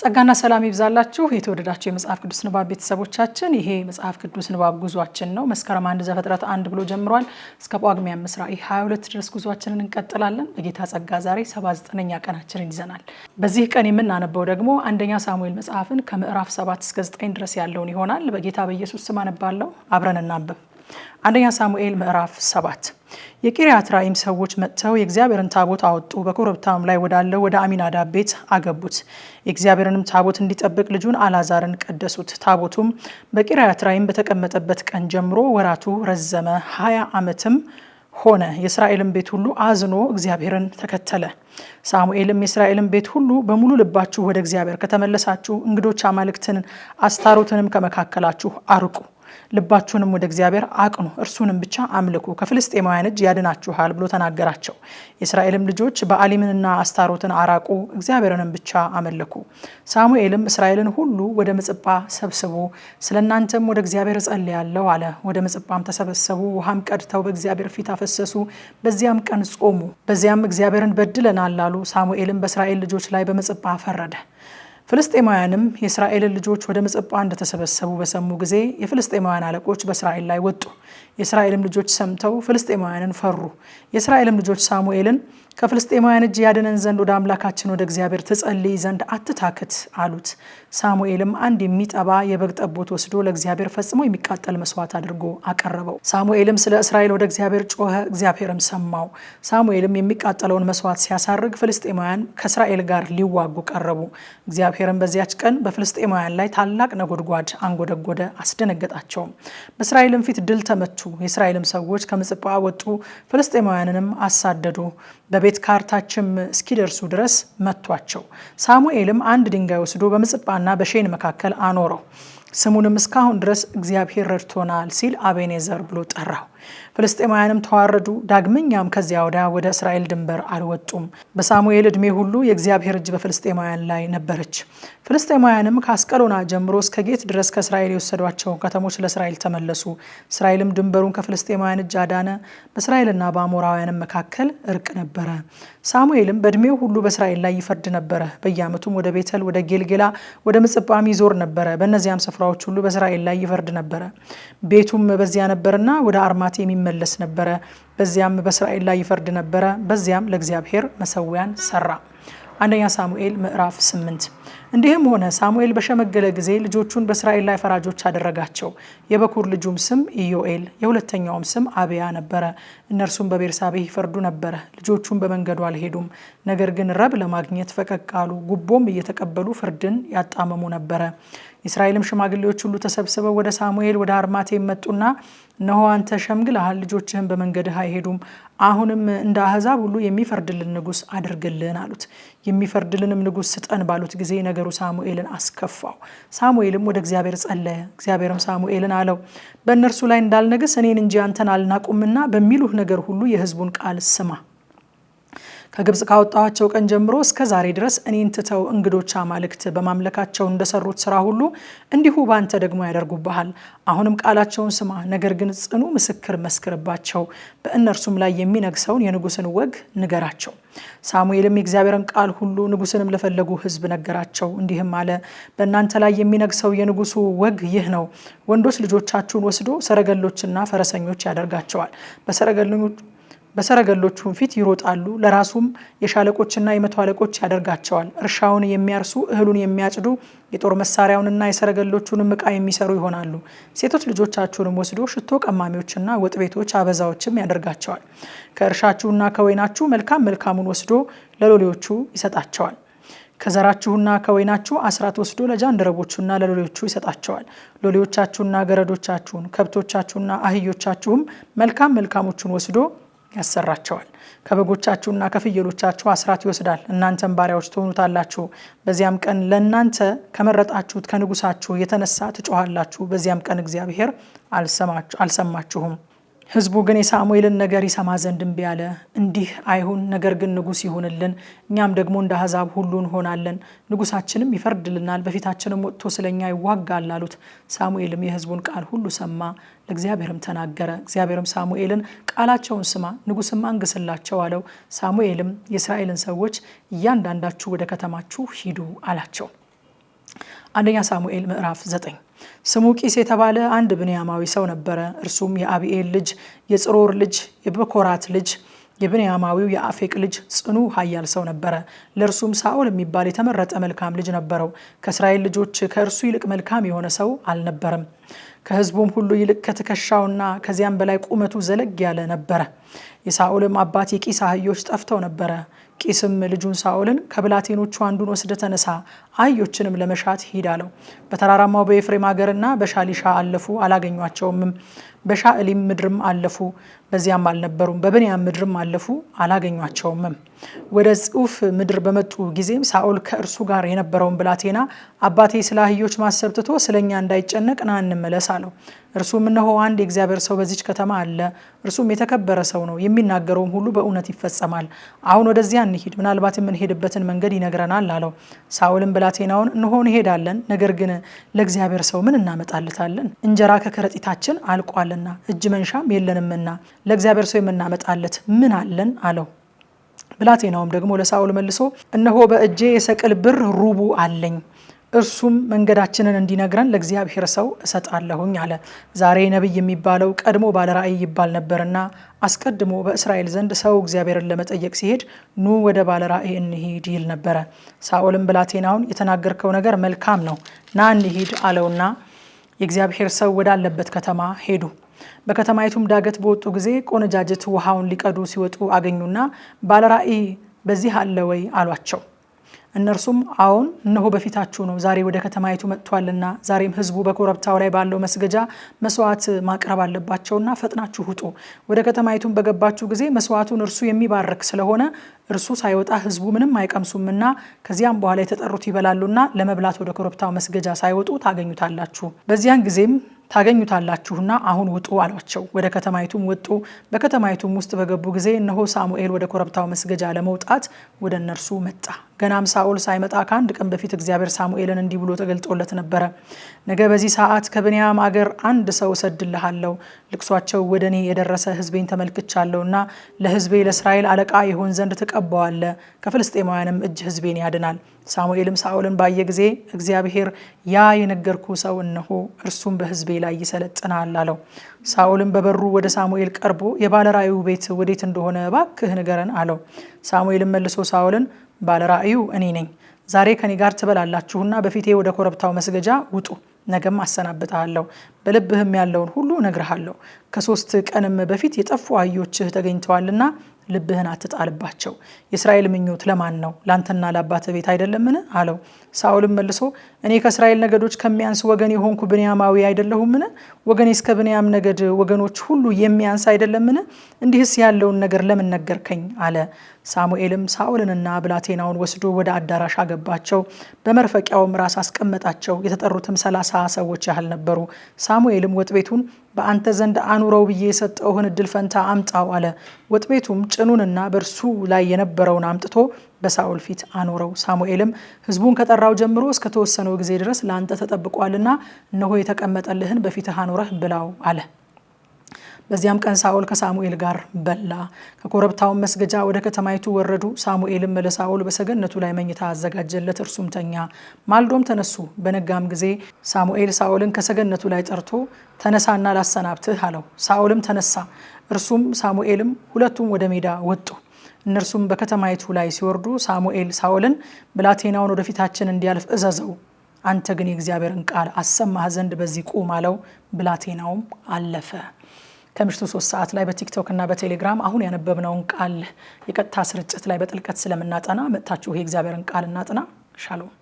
ጸጋና ሰላም ይብዛላችሁ የተወደዳችሁ የመጽሐፍ ቅዱስ ንባብ ቤተሰቦቻችን፣ ይሄ መጽሐፍ ቅዱስ ንባብ ጉዟችን ነው። መስከረም አንድ ዘፍጥረት አንድ ብሎ ጀምሯል። እስከ ጳጉሜ አምስት ራዕይ 22 ድረስ ጉዟችንን እንቀጥላለን። በጌታ ጸጋ ዛሬ 79ኛ ቀናችንን ይዘናል። በዚህ ቀን የምናነበው ደግሞ አንደኛ ሳሙኤል መጽሐፍን ከምዕራፍ 7 እስከ 9 ድረስ ያለውን ይሆናል። በጌታ በኢየሱስ ስም አነባለሁ። አብረን እናንብብ። አንደኛ ሳሙኤል ምዕራፍ ሰባት የቂርያት ራይም ሰዎች መጥተው የእግዚአብሔርን ታቦት አወጡ፣ በኮረብታም ላይ ወዳለው ወደ አሚናዳብ ቤት አገቡት። የእግዚአብሔርንም ታቦት እንዲጠብቅ ልጁን አላዛርን ቀደሱት። ታቦቱም በቂርያት ራይም በተቀመጠበት ቀን ጀምሮ ወራቱ ረዘመ፣ ሀያ ዓመትም ሆነ። የእስራኤልን ቤት ሁሉ አዝኖ እግዚአብሔርን ተከተለ። ሳሙኤልም የእስራኤልን ቤት ሁሉ በሙሉ ልባችሁ ወደ እግዚአብሔር ከተመለሳችሁ እንግዶች አማልክትን አስታሮትንም ከመካከላችሁ አርቁ ልባችሁንም ወደ እግዚአብሔር አቅኑ፣ እርሱንም ብቻ አምልኩ፣ ከፍልስጤማውያን እጅ ያድናችኋል ብሎ ተናገራቸው። የእስራኤልም ልጆች በአሊምንና አስታሮትን አራቁ፣ እግዚአብሔርንም ብቻ አመልኩ። ሳሙኤልም እስራኤልን ሁሉ ወደ ምጽጳ ሰብስቡ፣ ስለ እናንተም ወደ እግዚአብሔር እጸልያለሁ አለ። ወደ ምጽጳም ተሰበሰቡ፣ ውሃም ቀድተው በእግዚአብሔር ፊት አፈሰሱ። በዚያም ቀን ጾሙ። በዚያም እግዚአብሔርን በድለናል አሉ። ሳሙኤልም በእስራኤል ልጆች ላይ በምጽጳ ፈረደ። ፍልስጤማውያንም የእስራኤልን ልጆች ወደ ምጽጳ እንደተሰበሰቡ በሰሙ ጊዜ የፍልስጤማውያን አለቆች በእስራኤል ላይ ወጡ። የእስራኤልም ልጆች ሰምተው ፍልስጤማውያንን ፈሩ። የእስራኤልም ልጆች ሳሙኤልን ከፍልስጤማውያን እጅ ያድነን ዘንድ ወደ አምላካችን ወደ እግዚአብሔር ትጸልይ ዘንድ አትታክት አሉት። ሳሙኤልም አንድ የሚጠባ የበግ ጠቦት ወስዶ ለእግዚአብሔር ፈጽሞ የሚቃጠል መስዋዕት አድርጎ አቀረበው። ሳሙኤልም ስለ እስራኤል ወደ እግዚአብሔር ጮኸ፣ እግዚአብሔርም ሰማው። ሳሙኤልም የሚቃጠለውን መስዋዕት ሲያሳርግ ፍልስጤማውያን ከእስራኤል ጋር ሊዋጉ ቀረቡ። እግዚአብሔርም በዚያች ቀን በፍልስጤማውያን ላይ ታላቅ ነጎድጓድ አንጎደጎደ፣ አስደነገጣቸውም። በእስራኤልም ፊት ድል ተመቱ። የእስራኤልም ሰዎች ከምጽጳ ወጡ፣ ፍልስጤማውያንንም አሳደዱ፣ በቤት ካርታችም እስኪደርሱ ድረስ መቷቸው። ሳሙኤልም አንድ ድንጋይ ወስዶ በምጽጳና በሼን መካከል አኖረው። ስሙንም እስካሁን ድረስ እግዚአብሔር ረድቶናል ሲል አቤኔዘር ብሎ ጠራው። ፍልስጤማውያንም ተዋረዱ፣ ዳግመኛም ከዚያ ወዲያ ወደ እስራኤል ድንበር አልወጡም። በሳሙኤል ዕድሜ ሁሉ የእግዚአብሔር እጅ በፍልስጤማውያን ላይ ነበረች። ፍልስጤማውያንም ከአስቀሎና ጀምሮ እስከ ጌት ድረስ ከእስራኤል የወሰዷቸው ከተሞች ለእስራኤል ተመለሱ። እስራኤልም ድንበሩን ከፍልስጤማውያን እጅ አዳነ። በእስራኤልና በአሞራውያንም መካከል እርቅ ነበረ። ሳሙኤልም በእድሜው ሁሉ በእስራኤል ላይ ይፈርድ ነበረ። በየዓመቱም ወደ ቤተል፣ ወደ ጌልጌላ፣ ወደ ምጽጳም ይዞር ነበረ። በእነዚያም ስፍራዎች ሁሉ በእስራኤል ላይ ይፈርድ ነበረ። ቤቱም በዚያ ነበርና ወደ አርማት የሚመለስ ነበረ። በዚያም በእስራኤል ላይ ይፈርድ ነበረ። በዚያም ለእግዚአብሔር መሰዊያን ሰራ። አንደኛ ሳሙኤል ምዕራፍ 8 እንዲህም ሆነ ሳሙኤል በሸመገለ ጊዜ ልጆቹን በእስራኤል ላይ ፈራጆች አደረጋቸው። የበኩር ልጁም ስም ኢዮኤል የሁለተኛውም ስም አብያ ነበረ። እነርሱም በቤርሳቤ ይፈርዱ ነበረ። ልጆቹም በመንገዱ አልሄዱም፣ ነገር ግን ረብ ለማግኘት ፈቀቅ አሉ። ጉቦም እየተቀበሉ ፍርድን ያጣመሙ ነበረ። የእስራኤልም ሽማግሌዎች ሁሉ ተሰብስበው ወደ ሳሙኤል ወደ አርማቴ መጡና እነሆ አንተ ሸምግልሃል፣ ልጆችህን በመንገድህ አይሄዱም። አሁንም እንደ አህዛብ ሁሉ የሚፈርድልን ንጉስ አድርግልን አሉት። የሚፈርድልንም ንጉስ ስጠን ባሉት ጊዜ ነገሩ ሳሙኤልን አስከፋው። ሳሙኤልም ወደ እግዚአብሔር ጸለየ። እግዚአብሔርም ሳሙኤልን አለው፣ በእነርሱ ላይ እንዳልነግስ እኔን እንጂ አንተን አልናቁምና በሚሉህ ነገር ሁሉ የሕዝቡን ቃል ስማ ከግብጽ ካወጣቸው ቀን ጀምሮ እስከ ዛሬ ድረስ እኔን ትተው እንግዶች አማልክት በማምለካቸው እንደሰሩት ስራ ሁሉ እንዲሁ በአንተ ደግሞ ያደርጉብሃል። አሁንም ቃላቸውን ስማ፣ ነገር ግን ጽኑ ምስክር መስክርባቸው፣ በእነርሱም ላይ የሚነግሰውን የንጉስን ወግ ንገራቸው። ሳሙኤልም የእግዚአብሔርን ቃል ሁሉ ንጉስንም ለፈለጉ ሕዝብ ነገራቸው፣ እንዲህም አለ። በእናንተ ላይ የሚነግሰው የንጉሱ ወግ ይህ ነው። ወንዶች ልጆቻችሁን ወስዶ ሰረገሎችና ፈረሰኞች ያደርጋቸዋል። በሰረገሎቹም ፊት ይሮጣሉ። ለራሱም የሻለቆችና የመቶ አለቆች ያደርጋቸዋል። እርሻውን የሚያርሱ እህሉን የሚያጭዱ የጦር መሳሪያውንና የሰረገሎቹንም ዕቃ የሚሰሩ ይሆናሉ። ሴቶች ልጆቻችሁንም ወስዶ ሽቶ ቀማሚዎችና ወጥ ቤቶች አበዛዎችም ያደርጋቸዋል። ከእርሻችሁና ከወይናችሁ መልካም መልካሙን ወስዶ ለሎሌዎቹ ይሰጣቸዋል። ከዘራችሁና ከወይናችሁ አስራት ወስዶ ለጃንደረቦቹና ለሎሌዎቹ ይሰጣቸዋል። ሎሌዎቻችሁና ገረዶቻችሁን ከብቶቻችሁና አህዮቻችሁም መልካም መልካሞቹን ወስዶ ያሰራቸዋል። ከበጎቻችሁና ከፍየሎቻችሁ አስራት ይወስዳል፣ እናንተም ባሪያዎች ትሆኑታላችሁ። በዚያም ቀን ለእናንተ ከመረጣችሁት ከንጉሳችሁ የተነሳ ትጮኋላችሁ። በዚያም ቀን እግዚአብሔር አልሰማችሁም። ህዝቡ ግን የሳሙኤልን ነገር ይሰማ ዘንድ እምቢ አለ። እንዲህ አይሁን፣ ነገር ግን ንጉሥ ይሁንልን፣ እኛም ደግሞ እንደ አሕዛብ ሁሉ እንሆናለን፣ ንጉሳችንም ይፈርድልናል፣ በፊታችንም ወጥቶ ስለ እኛ ይዋጋል አሉት። ሳሙኤልም የህዝቡን ቃል ሁሉ ሰማ፣ ለእግዚአብሔርም ተናገረ። እግዚአብሔርም ሳሙኤልን ቃላቸውን ስማ፣ ንጉሥም አንግስላቸው አለው። ሳሙኤልም የእስራኤልን ሰዎች እያንዳንዳችሁ ወደ ከተማችሁ ሂዱ አላቸው። አንደኛ ሳሙኤል ምዕራፍ ዘጠኝ ስሙ ቂስ የተባለ አንድ ብንያማዊ ሰው ነበረ። እርሱም የአብኤል ልጅ የጽሮር ልጅ የበኮራት ልጅ የብንያማዊው የአፌቅ ልጅ ጽኑ ኃያል ሰው ነበረ። ለእርሱም ሳኦል የሚባል የተመረጠ መልካም ልጅ ነበረው። ከእስራኤል ልጆች ከእርሱ ይልቅ መልካም የሆነ ሰው አልነበረም። ከህዝቡም ሁሉ ይልቅ ከትከሻውና ከዚያም በላይ ቁመቱ ዘለግ ያለ ነበረ። የሳኦልም አባት የቂስ አህዮች ጠፍተው ነበረ። ቂስም ልጁን ሳኦልን ከብላቴኖቹ አንዱን ወስደ ተነሳ፣ አህዮችንም ለመሻት ሂድ አለው። በተራራማው በኤፍሬም ሀገርና በሻሊሻ አለፉ፣ አላገኟቸውምም። በሻዕሊም ምድርም አለፉ፣ በዚያም አልነበሩም። በብንያም ምድርም አለፉ፣ አላገኟቸውምም። ወደ ጽሑፍ ምድር በመጡ ጊዜም ሳኦል ከእርሱ ጋር የነበረውን ብላቴና አባቴ ስለ አህዮች ማሰብ ትቶ ስለ እኛ እንዳይጨነቅ ናን መመለስ አለው። እርሱም እነሆ አንድ የእግዚአብሔር ሰው በዚች ከተማ አለ፣ እርሱም የተከበረ ሰው ነው፣ የሚናገረውም ሁሉ በእውነት ይፈጸማል። አሁን ወደዚያ እንሂድ፣ ምናልባት የምንሄድበትን መንገድ ይነግረናል አለው። ሳውልም ብላቴናውን እንሆ እንሄዳለን፣ ነገር ግን ለእግዚአብሔር ሰው ምን እናመጣለታለን? እንጀራ ከከረጢታችን አልቋልና እጅ መንሻም የለንምና ለእግዚአብሔር ሰው የምናመጣለት ምን አለን አለው። ብላቴናውም ደግሞ ለሳውል መልሶ እነሆ በእጄ የሰቅል ብር ሩቡ አለኝ እርሱም መንገዳችንን እንዲነግረን ለእግዚአብሔር ሰው እሰጣለሁኝ አለ። ዛሬ ነቢይ የሚባለው ቀድሞ ባለ ራእይ ይባል ነበርና አስቀድሞ በእስራኤል ዘንድ ሰው እግዚአብሔርን ለመጠየቅ ሲሄድ ኑ ወደ ባለ ራእይ እንሂድ ይል ነበረ። ሳኦልም ብላቴናውን የተናገርከው ነገር መልካም ነው፣ ና እንሂድ አለውና የእግዚአብሔር ሰው ወዳለበት ከተማ ሄዱ። በከተማይቱም ዳገት በወጡ ጊዜ ቆነጃጅት ውሃውን ሊቀዱ ሲወጡ አገኙና ባለ ራእይ በዚህ አለ ወይ አሏቸው። እነርሱም አዎን እነሆ በፊታችሁ ነው፣ ዛሬ ወደ ከተማይቱ መጥቷልና፣ ዛሬም ህዝቡ በኮረብታው ላይ ባለው መስገጃ መስዋዕት ማቅረብ አለባቸውና ፈጥናችሁ ውጡ፣ ወደ ከተማይቱን በገባችሁ ጊዜ መስዋዕቱን እርሱ የሚባርክ ስለሆነ እርሱ ሳይወጣ ህዝቡ ምንም አይቀምሱምና ከዚያም በኋላ የተጠሩት ይበላሉና ለመብላት ወደ ኮረብታው መስገጃ ሳይወጡ ታገኙታላችሁ። በዚያን ጊዜም ታገኙታላችሁና አሁን ውጡ አሏቸው። ወደ ከተማይቱም ወጡ። በከተማይቱም ውስጥ በገቡ ጊዜ እነሆ ሳሙኤል ወደ ኮረብታው መስገጃ ለመውጣት ወደ እነርሱ መጣ። ገናም ሳኦል ሳይመጣ ከአንድ ቀን በፊት እግዚአብሔር ሳሙኤልን እንዲህ ብሎ ተገልጦለት ነበረ። ነገ በዚህ ሰዓት ከብንያም አገር አንድ ሰው እሰድልሃለሁ። ልቅሷቸው ወደ እኔ የደረሰ ሕዝቤን ተመልክቻለሁና ለሕዝቤ ለእስራኤል አለቃ ይሆን ዘንድ ትቀባዋለ ከፍልስጤማውያንም እጅ ሕዝቤን ያድናል። ሳሙኤልም ሳኦልን ባየ ጊዜ እግዚአብሔር ያ የነገርኩ ሰው እነሆ እርሱም በሕዝቤ ላይ ይሰለጥናል አለው። ሳኦልም በበሩ ወደ ሳሙኤል ቀርቦ የባለራእዩ ቤት ወዴት እንደሆነ እባክህ ንገረን አለው። ሳሙኤልም መልሶ ሳኦልን ባለራእዩ እኔ ነኝ። ዛሬ ከኔ ጋር ትበላላችሁና በፊቴ ወደ ኮረብታው መስገጃ ውጡ። ነገም አሰናብትሃለሁ፣ በልብህም ያለውን ሁሉ እነግርሃለሁ። ከሶስት ቀንም በፊት የጠፉ አህዮችህ ተገኝተዋልና ልብህን አትጣልባቸው። የእስራኤል ምኞት ለማን ነው? ላንተና ለአባትህ ቤት አይደለምን? አለው። ሳውልም መልሶ እኔ ከእስራኤል ነገዶች ከሚያንስ ወገን የሆንኩ ብንያማዊ አይደለሁምን? ወገኔ እስከ ብንያም ነገድ ወገኖች ሁሉ የሚያንስ አይደለምን? እንዲህስ ያለውን ነገር ለምን ነገርከኝ? አለ። ሳሙኤልም ሳኦልንና ብላቴናውን ወስዶ ወደ አዳራሽ አገባቸው፣ በመርፈቂያውም ራስ አስቀመጣቸው። የተጠሩትም ሰላሳ ሰዎች ያህል ነበሩ። ሳሙኤልም ወጥ ቤቱን በአንተ ዘንድ አኑረው ብዬ የሰጠውህን እድል ፈንታ አምጣው አለ። ወጥ ቤቱም ጭኑንና በእርሱ ላይ የነበረውን አምጥቶ በሳኦል ፊት አኖረው። ሳሙኤልም ሕዝቡን ከጠራው ጀምሮ እስከተወሰነው ጊዜ ድረስ ለአንተ ተጠብቋልና እነሆ የተቀመጠልህን በፊትህ አኖረህ ብላው አለ። በዚያም ቀን ሳኦል ከሳሙኤል ጋር በላ። ከኮረብታውን መስገጃ ወደ ከተማይቱ ወረዱ። ሳሙኤልም ለሳኦል በሰገነቱ ላይ መኝታ አዘጋጀለት፣ እርሱም ተኛ። ማልዶም ተነሱ። በነጋም ጊዜ ሳሙኤል ሳኦልን ከሰገነቱ ላይ ጠርቶ ተነሳና ላሰናብትህ አለው። ሳኦልም ተነሳ። እርሱም ሳሙኤልም ሁለቱም ወደ ሜዳ ወጡ። እነርሱም በከተማይቱ ላይ ሲወርዱ ሳሙኤል ሳኦልን ብላቴናውን ወደፊታችን እንዲያልፍ እዘዘው፣ አንተ ግን የእግዚአብሔርን ቃል አሰማህ ዘንድ በዚህ ቁም አለው። ብላቴናውም አለፈ። ከምሽቱ ሶስት ሰዓት ላይ በቲክቶክ እና በቴሌግራም አሁን ያነበብነውን ቃል የቀጥታ ስርጭት ላይ በጥልቀት ስለምናጠና መጥታችሁ የእግዚአብሔርን ቃል እናጥና። ሻሎም